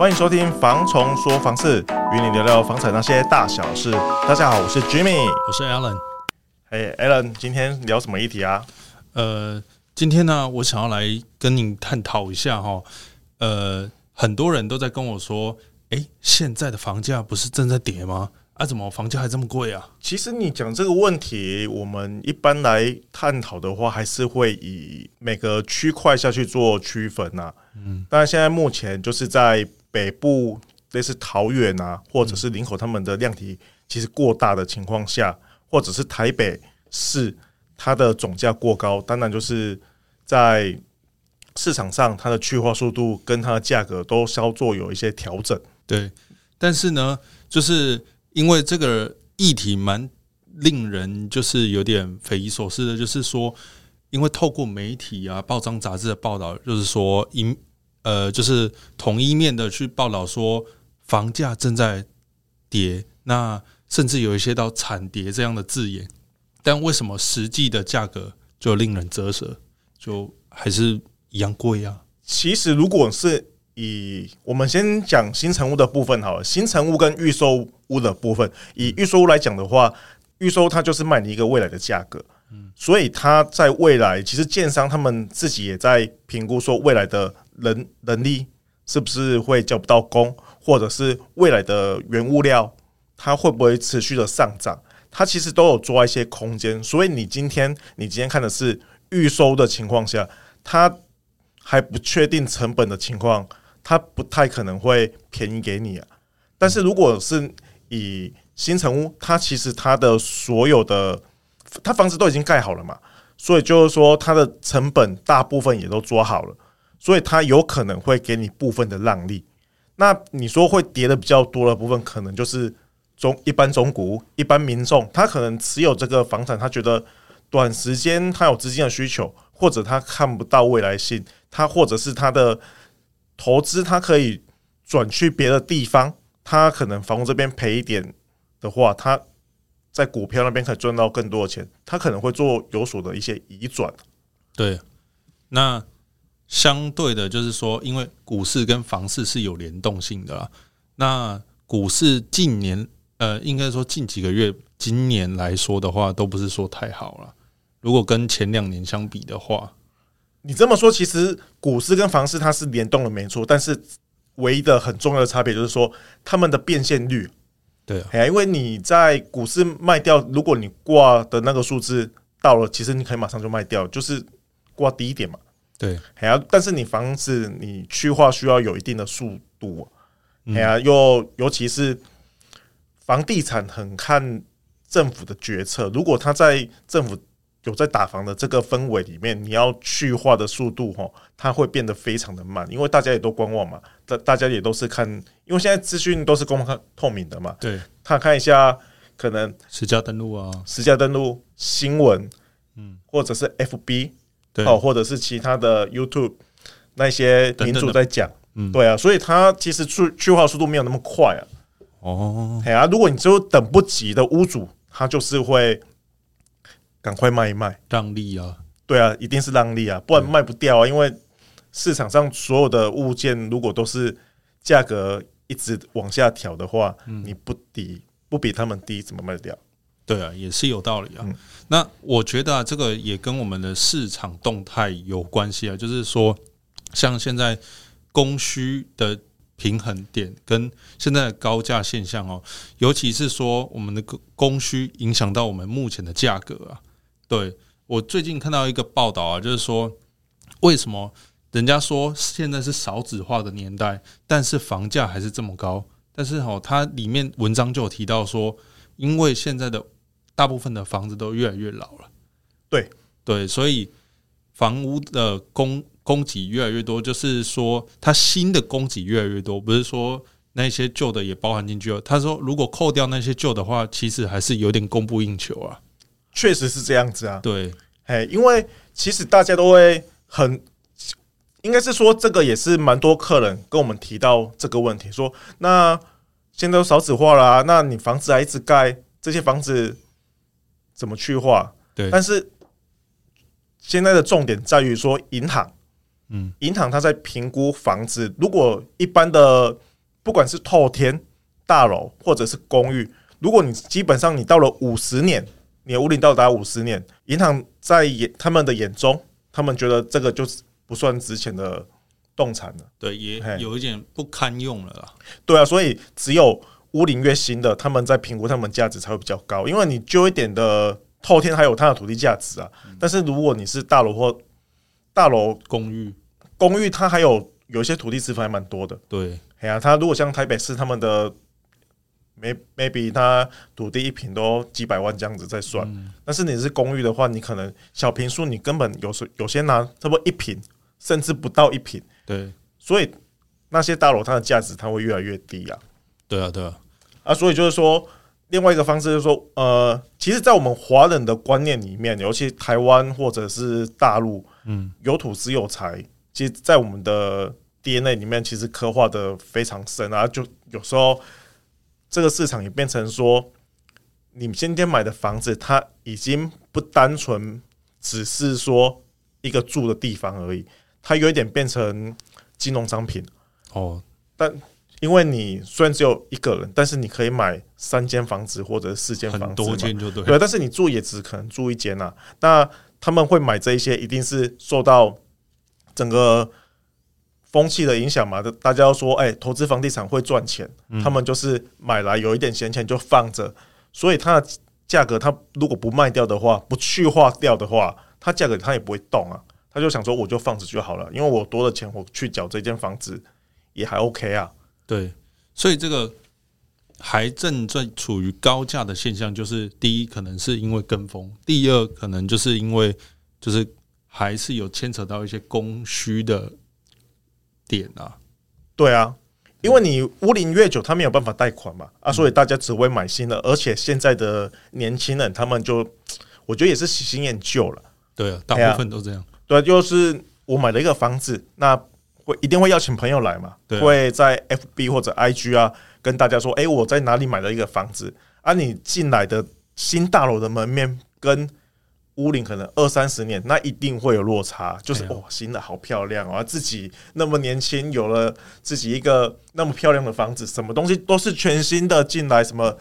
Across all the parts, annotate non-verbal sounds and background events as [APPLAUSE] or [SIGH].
歡迎收聽《房蟲說房事》，與你聊聊房產那些大小事。大家好，我是 Jimmy，我是 Alan。嘿、hey，Alan，今天聊什麼議題啊？呃，今天呢，我想要來跟你探討一下哈、哦。呃，很多人都在跟我說，哎，現在的房價不是正在跌嗎？啊，怎麼房價還這麼貴啊？其實你講這個問題，我們一般來探討的話，還是會以每個區塊下去做區分吶、啊。嗯，但是現在目前就是在。北部類似桃園啊，或者是林口，他們的量體其實過大的情況下，或者是台北市它的總價過高，當然就是在市場上它的去化速度跟它的價格都稍作有一些調整。對，但是呢，就是因為這個議題蠻令人就是有點匪夷所思的，就是說，因為透過媒體啊、報章雜誌的報道，就是說，因呃，就是同一面的去報道說房價正在跌，那甚至有一些到慘跌這樣的字眼，但為什麼實際的價格就令人咋舌，就還是一樣貴啊？其實，如果是以我們先講新成屋的部分好了，新成屋跟預售屋的部分，以預售屋來講的話，預售它就是賣你一個未來的價格，嗯，所以它在未來，其實建商他們自己也在評估說未來的。人人力，是不是會叫不到工，或者是未來的原物料，它會不會持續的上漲？它其實都有做一些空間。所以你今天，你今天看的是預售的情況下，它還不確定成本的情況，它不太可能會便宜給你啊。但是如果是以新成屋，它其實它的所有的，它房子都已經蓋好了嘛，所以就是說它的成本大部分也都做好了。所以他有可能會給你部分的讓利。那你說，會跌得比較多的部分，可能就是中一般中古、一般民眾，他可能持有這個房產，他覺得短時間他有資金的需求，或者他看不到未來性，他或者是他的投資，他可以轉去別的地方。他可能房屋這邊賠一點的話，他，在股票那邊可以賺到更多的錢。他可能會做有所的一些移轉。對，那。相對的，就是說，因為股市跟房市是有聯動性的啦。那股市近年，呃，應該說近幾個月，今年來說的話，都不是說太好了。如果跟前兩年相比的話，你這麼說，其實股市跟房市它是聯動的，沒錯。但是唯一的很重要的差別就是說，他們的變現率，對，哎呀，因為你在股市賣掉，如果你掛的那個數字到了，其實你可以馬上就賣掉，就是掛低一點嘛。對，還要、啊，但是你房子你去化需要有一定的速度、啊，哎呀、嗯啊，又尤其是房地產很看政府的決策。如果他在政府有在打房的這個氛圍裡面，你要去化的速度哈，它會變得非常的慢，因為大家也都觀望嘛，大大家也都是看，因為現在資訊都是公開透明的嘛，對，他看一下可能實價登錄啊，實價登錄新聞，嗯，或者是 F B。哦，對或者是其他的 YouTube 那些博主在講，等等嗯、對啊，所以它其實去去化速度沒有那麼快啊。哦，哎啊，如果你只有等不及的屋主，他就是會趕快賣一賣，讓利啊。對啊，一定是讓利啊，不然賣不掉啊。對 因為市場上所有的物件，如果都是價格一直往下調的話，嗯、你不低不比他們低，怎麼賣得掉？對啊，也是有道理啊。嗯。那我覺得啊，這個也跟我們的市場動態有關係啊。就是說，像現在供需的平衡點跟現在的高價現象哦，尤其是說我們的供供需影響到我們目前的價格啊。對，我最近看到一個報道啊，就是說，為什麼人家說現在是少子化的年代，但是房價還是這麼高？但是哦，它裡面文章就有提到說，因為現在的大部分的房子都越來越老了。對，對對，所以房屋的供供給越來越多，就是說它新的供給越來越多，不是說那些舊的也包含進去了。他說，如果扣掉那些舊的話，其實還是有點供不應求啊。確實是這樣子啊，對，哎，因為其實大家都會很，應該是說這個也是蠻多客人跟我們提到這個問題，說那現在都少子化啦、啊，那你房子還一直蓋這些房子。怎麼去化？對，但是現在的重點在於說銀行，嗯，銀行它在評估房子。如果一般的，不管是透天大樓或者是公寓，如果你基本上你到了五十年，你的屋齡到達五十年，銀行在眼他們的眼中，他們覺得這個就是不算值錢的動產了。對，也有一點不堪用了啦。對啊，所以只有。屋齡越新的，他們在評估他們價值才會比較高。因為你舊一點的，透天還有它的土地價值啊。嗯、但是如果你是大樓或大樓公寓，公寓它還有有一些土地持分還蠻多的。對，哎呀、啊，它如果像台北市他們的，沒 maybe 它土地一坪都幾百萬這樣子在算。嗯、但是你是公寓的話，你可能小坪數你根本有時有些，拿差不多一坪，甚至不到一坪。對，所以那些大樓它的價值它會越來越低啊。對啊，對啊，啊，所以就是說，另外一個方式就是說，呃，其實，在我們華人的觀念裡面，尤其台灣或者是大陸，嗯，有土才有財，其實在我們的 DNA 裡面，其實刻畫得非常深啊。就有時候，這個市場也變成說，你們今天買的房子，它已經不單純只是說一個住的地方而已，它有一點變成金融商品哦，但。因為你雖然只有一個人，但是你可以買三間房子或者四間房子嘛。很多間就對，對。但是你住也只可能住一間啊。那他們會買這一些，一定是受到整個風氣的影響嘛？大家都說，哎、欸，投資房地產會賺錢，嗯、他們就是買來有一點閒錢就放着。所以它的價格，它如果不賣掉的話，不去化掉的話，它價格它也不會動啊。他就想說，我就放着就好了，因為我多的錢，我去繳這間房子也還 OK 啊。對，所以這個還正在處於高價的現象，就是第一可能是因為跟風，第二可能就是因為就是還是有牽扯到一些供需的點啊。對啊，因為你屋齡越久，他沒有辦法貸款嘛，嗯、啊，所以大家只會買新的，而且現在的年輕人他們就我覺得也是喜新厭舊了。對啊，大部分都這樣。對啊、對啊，就是我買了一個房子，那。一定會邀請朋友來嘛？對會在 FB 或者 IG 啊，跟大家說：“哎、欸，我在哪裡買了一個房子？”啊，你進來的新大樓的門面跟屋頂，可能二三十年，那一定會有落差。就是、哎、呀哦，新的好漂亮、哦、啊！自己那麼年輕，有了自己一個那麼漂亮的房子，什麼東西都是全新的進來什，什麼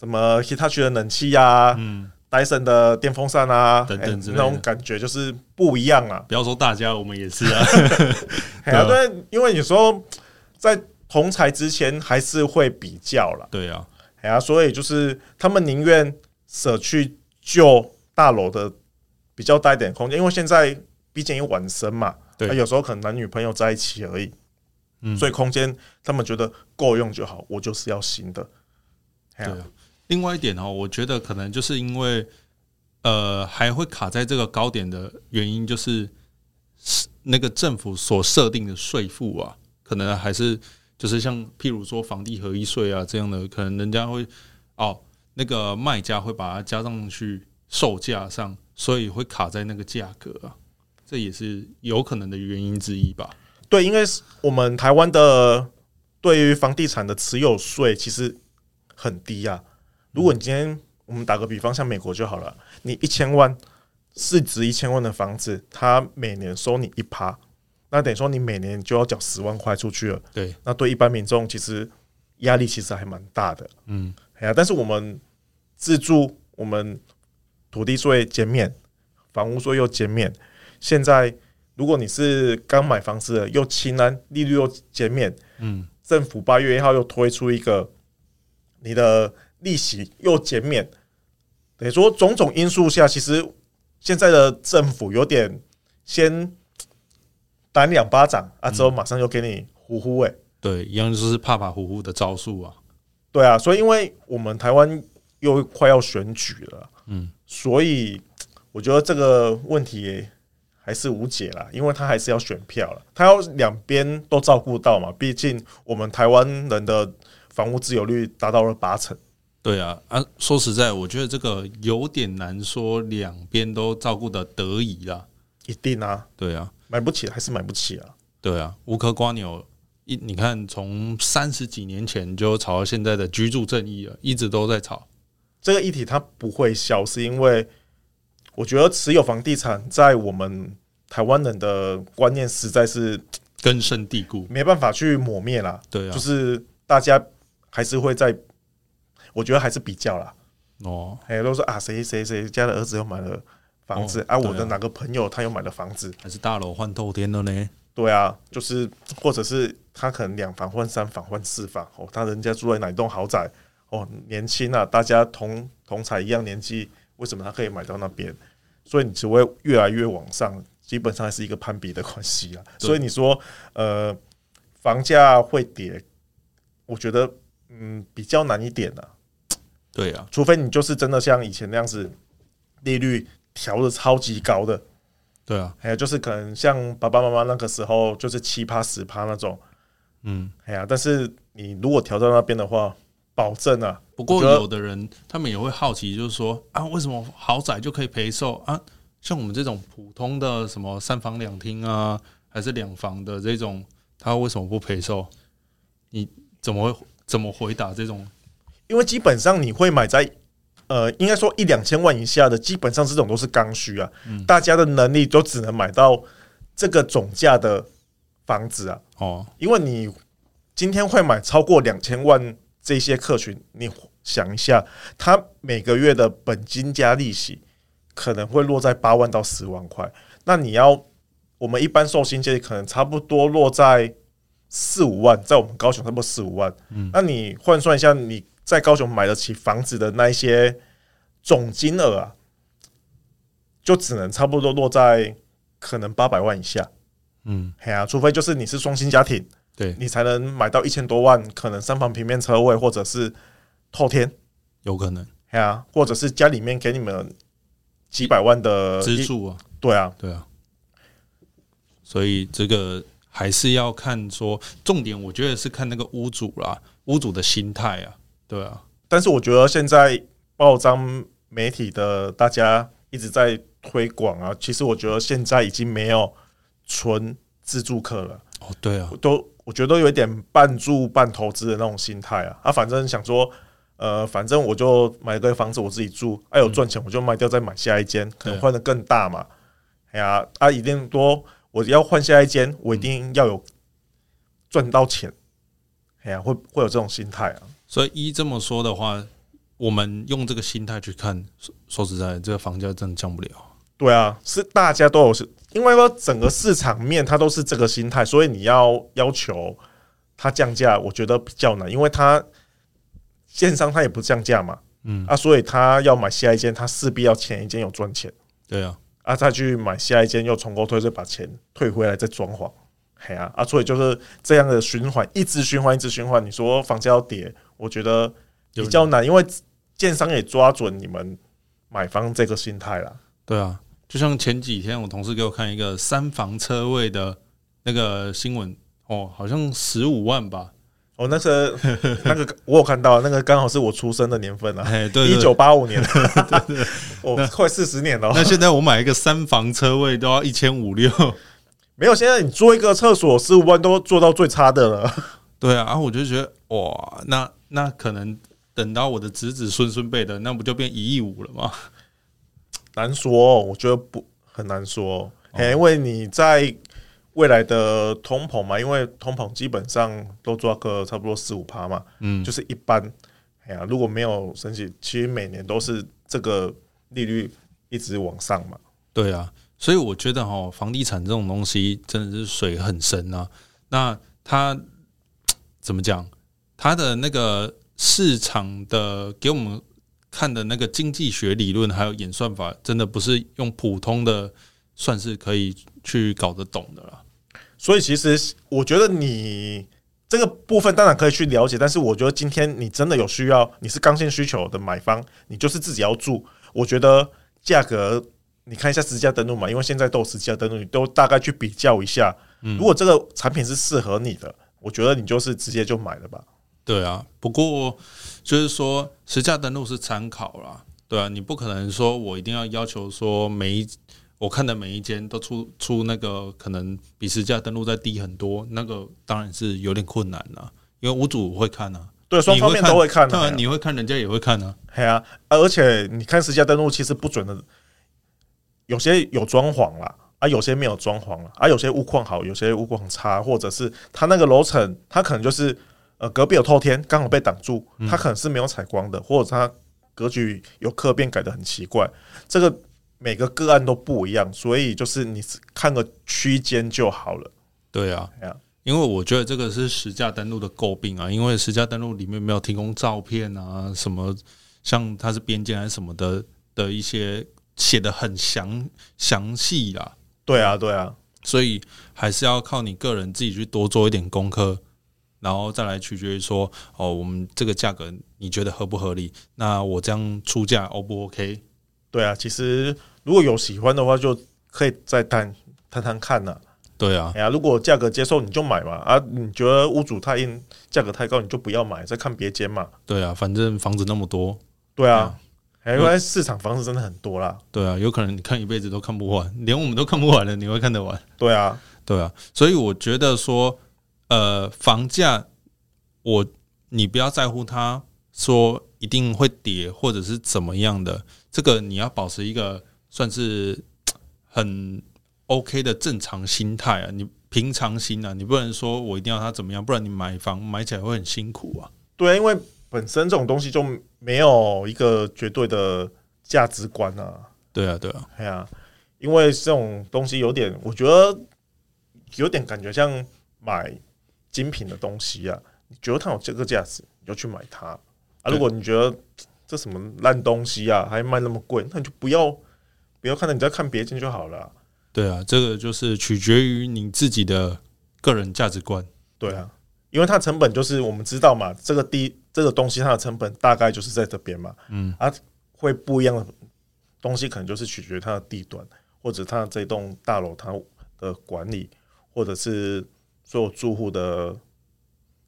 什麼其他區的冷氣呀、啊？嗯。戴森的電風扇啊，等等、欸，那種感覺就是不一樣啊。不要說大家，我們也是啊。對，因為有時候在同台之前還是會比較了。對啊，對啊，所以就是他們寧願捨去舊大樓的比較大一點空間，因為現在畢竟有晚生嘛。對、啊。有時候可能男女朋友在一起而已，嗯，所以空間他們覺得夠用就好，我就是要新的，對、啊。對啊另外一點呢，我覺得可能就是因為，呃，還會卡在這個高點的原因，就是那個政府所設定的稅負啊，可能還是就是像譬如說房地合一稅啊這樣的，可能人家會哦，那個賣家會把它加上去售價上，所以會卡在那個價格啊，這也是有可能的原因之一吧。對，因為是我們台灣的對於房地產的持有稅其實很低啊。如果你今天我們打個比方，像美國就好了，你一千萬，市值一千萬的房子，它每年收你一趴，那等於說你每年就要繳十萬塊出去了。對，那對一般民眾其實壓力其實還蠻大的。嗯，哎呀，但是我們自住，我們土地稅減免，房屋稅又減免。現在如果你是剛買房子的，又青安利率又減免，嗯，政府八月一號又推出一個你的。利息又減免，等於說種種因素下，其實現在的政府有點先打你兩巴掌啊，之後馬上就給你呼呼欸，對，一樣就是怕怕呼呼的招數啊。對啊，所以因為我們台灣又快要選舉了，嗯，所以我覺得這個問題還是無解啦，因為他還是要選票了，他要兩邊都照顧到嘛，畢竟我們台灣人的房屋自有率達到了八成。對啊，啊，說實在，我覺得這個有點難說，兩邊都照顧的得宜得啦，一定啊，對啊，買不起還是買不起啊。對啊，無殼蝸牛一，你看從三十幾年前就炒到現在的居住正義了，一直都在炒這個議題，它不會消失，是因為我覺得持有房地產在我們台灣人的觀念實在是根深蒂固，沒辦法去抹滅啦，對啊，就是大家還是會在。我覺得還是比較啦哦嘿，哦，哎，都說啊，誰誰誰家的兒子又買了房子，哦、啊，啊我的哪個朋友他又買了房子，還是大樓換透天了呢？對啊，就是或者是他可能兩房換三房換四房哦，他人家住在哪棟豪宅哦，年輕啊，大家同同才一樣年紀，為什麼他可以買到那邊？所以你只會越來越往上，基本上還是一個攀比的關係啊。對，所以你說呃，房價會跌，我覺得嗯，比較難一點的、啊。對啊，除非你就是真的像以前那樣子，利率調的超級高的，對啊，還有、哎、就是可能像爸爸媽媽那個時候就是七八十趴那種，嗯，哎呀，但是你如果調到那邊的話，保證啊。不過有的人他們也會好奇，就是說啊，為什麼豪宅就可以賠售啊？像我們這種普通的什麼三房兩廳啊，還是兩房的這種，他為什麼不賠售？你怎麼會怎麼回答這種？因為基本上你會買在，呃，應該說一兩千萬以下的，基本上這種都是剛需啊。嗯。大家的能力都只能買到這個總價的房子啊。哦。因為你今天會買超過兩千萬這些客群，你想一下，他每個月的本金加利息可能會落在八萬到十萬塊。那你要，我們一般受薪階級可能差不多落在四五萬，在我們高雄差不多四五萬。嗯。那你換算一下，你。在高雄買得起房子的那一些總金額啊，就只能差不多落在可能八百萬以下。嗯，嘿啊，除非就是你是雙薪家庭，對你才能買到一千多萬，可能三房平面車位或者是透天，有可能。啊，或者是家裡面給你們幾百萬的資助啊。對啊，對啊。所以這個還是要看說重點，我覺得是看那個屋主啦、啊，屋主的心態啊。對啊，但是我覺得現在報章媒體的大家一直在推廣啊，其實我覺得現在已經沒有純自住客了。哦，對啊，我都我覺得都有一點半住半投資的那種心態啊。啊，反正想說，呃，反正我就買個房子我自己住，哎、啊，有賺錢我就賣掉再買下一間，嗯、可能換得更大嘛。哎呀對、啊，啊，一定多，我要換下一間，我一定要有賺到錢。哎呀、嗯啊，會會有這種心態啊。所以一這麼說的話，我們用這個心態去看，說說實在，這個房價真的降不了。對啊，是大家都有是，因為說整個市場面它都是這個心態，所以你要要求它降價，我覺得比較難，因為它建商它也不降價嘛，嗯啊，所以他要買下一間，他勢必要前一間有賺錢，對啊，啊再去買下一間又重購退稅，把錢退回來再裝潢，嘿啊，啊所以就是這樣的循環，一直循環，一直循環，你說房價要跌，我覺得比較難，因為建商也抓準你們買方這個心態了。對啊，就像前幾天我同事給我看一個三房車位的那個新聞，哦，好像十五萬吧。哦，那是那個我有看到，那個剛好是我出生的年份啊。哎，對，一九八五年，哦，快四十年了。那現在我買一個三房車位都要一千五六，沒有，現在你做一個廁所十五萬都做到最差的了。對啊，然後我就覺得哇，那。那可能等到我的子子孫孫輩的，那不就變一億五了嗎？難說哦，我覺得不，很難說。哎、哦，因為你在未來的通膨嘛，因為通膨基本上都抓個差不多四五趴嘛，嗯，就是一般。哎呀，如果沒有升息，其實每年都是這個利率一直往上嘛。對啊，所以我覺得哈、哦，房地產這種東西真的是水很深吶、啊。那它怎麼講？它的那個市場的給我們看的那個經濟學理論還有演算法，真的不是用普通的算式可以去搞得懂的了。所以，其實我覺得你這個部分當然可以去了解，但是我覺得今天你真的有需要，你是剛性需求的買方，你就是自己要住，我覺得價格你看一下實價登錄嘛，因為現在都有實價登錄，你都大概去比較一下。如果這個產品是適合你的，我覺得你就是直接就買了吧。對啊，不過就是說，實價登錄是參考啦。對啊，你不可能說我一定要要求說每一我看的每一間都出出那個可能比實價登錄再低很多，那個當然是有點困難了，因為屋主會看啊，對，雙方面都會看啊，你會看，當然你會看，人家也會看啊，對啊，而且你看實價登錄其實不準的，有些有裝潢啦，啊，有些沒有裝潢啦，啊，有些物況好，有些物況差，或者是他那個樓層，他可能就是。呃，隔壁有透天，剛好被擋住，它可能是沒有採光的，嗯、或者它格局有刻變改得很奇怪。這個每個個案都不一樣，所以就是你看個區間就好了。對啊，對啊因為我覺得這個是實價登錄的詬病啊，因為實價登錄裡面沒有提供照片啊，什麼像它是邊間還是什麼的的一些寫得很詳詳細啊。對啊,對啊，對啊，所以還是要靠你個人自己去多做一點功課。然後再來取決於說，哦，我們這個價格你覺得合不合理？那我這樣出價 O 不 OK？對啊，其實如果有喜歡的話，就可以再談談談看吶、啊。對啊，哎、呀，如果價格接受，你就買嘛。啊，你覺得屋主太硬，價格太高，你就不要買，再看別間嘛。對啊，反正房子那麼多。對啊，啊、哎，因為市場房子真的很多啦。對啊，有可能你看一輩子都看不完，連我們都看不完了，你會看得完？ [LAUGHS] 對啊，對啊，所以我覺得說。呃，房價，我你不要在乎他說一定會跌，或者是怎麼樣的，這個你要保持一個算是很 OK 的正常心態啊，你平常心啊，你不能說我一定要他怎麼樣，不然你買房買起來會很辛苦啊。對啊，因為本身這種東西就沒有一個絕對的價值觀啊。對啊，對啊，對啊，對啊，因為這種東西有點，我覺得有點感覺像買。精品的東西啊，你覺得它有這個價值，你就去買它啊。如果你覺得這什麼爛東西啊，還賣那麼貴，那你就不要不要看了，你只要看別人就好了啊。對啊，這個就是取決於你自己的個人價值觀。對啊，因為它的成本就是我們知道嘛，這個地這個東西它的成本大概就是在這邊嘛。嗯啊，會不一樣的東西，可能就是取決於它的地段，或者它這棟大樓它的管理，或者是。所有住戶的，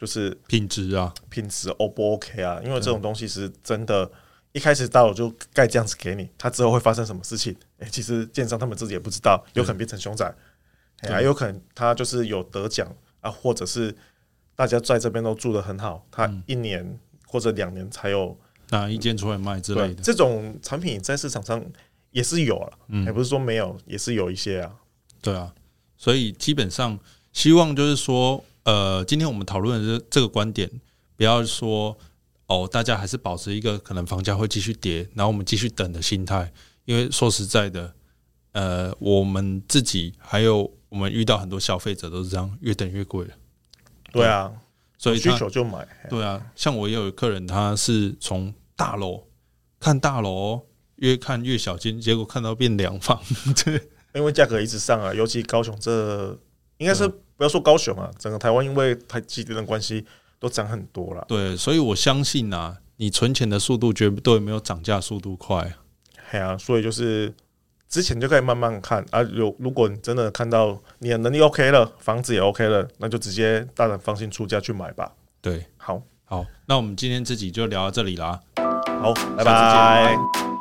就是品質啊，品質 O 不 OK 啊？因為這種東西是真的，一開始到了就蓋這樣子給你，它之後會發生什麼事情？哎、欸，其實建商他們自己也不知道，有可能變成凶宅，還、欸、有可能他就是有得獎啊，或者是大家在這邊都住得很好，他一年或者兩年才有拿、嗯、一間出來賣之類的。這種產品在市場上也是有啊，也不是說沒有，也是有一些啊。對啊，所以基本上。希望就是說，呃，今天我們討論的是這個觀點，不要說哦，大家還是保持一個可能房價會繼續跌，然後我們繼續等的心態。因為說實在的，呃，我們自己還有我們遇到很多消費者都是這樣，越等越貴了。對啊，對所以有需求就買。對啊，像我也有個客人，他是從大樓看大樓，越看越小心，結果看到變兩房。對， [LAUGHS] 因為價格一直上啊，尤其高雄這。應該是對不要說高雄啊，整個台灣因為台積電的關係都漲很多了。對，所以我相信吶、啊，你存錢的速度絕對沒有漲價速度快、啊。對啊，所以就是之前就可以慢慢看啊。有，如果你真的看到你的能力 OK 了，房子也 OK 了，那就直接大膽放心出價去買吧。對，好，好，那我們今天自己就聊到這裡啦。好，好，拜拜。